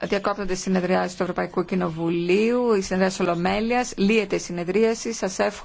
Διακόπτονται οι συνεδριάσεις του Ευρωπαϊκού Κοινοβουλίου, η συνεδρία Ολομέλειας, λύεται η συνεδρίαση. Σας εύχομαι.